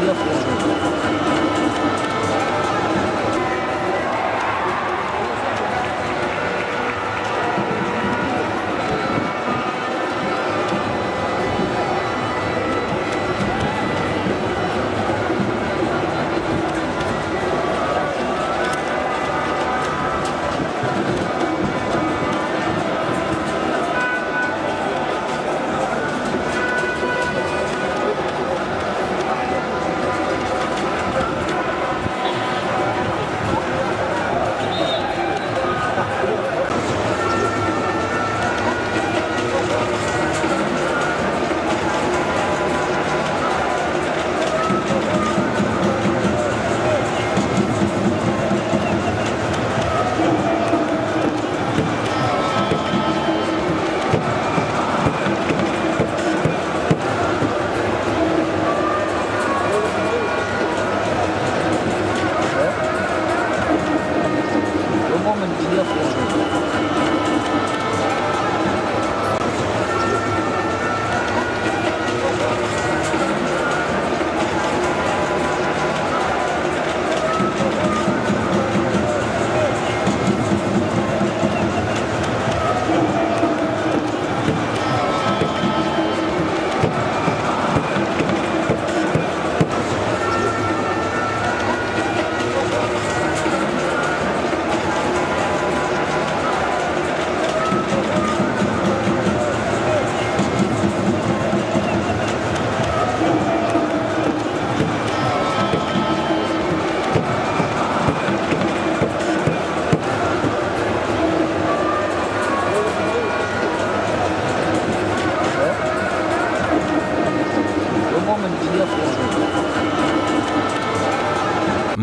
Yeah, yeah, yeah. Thank you.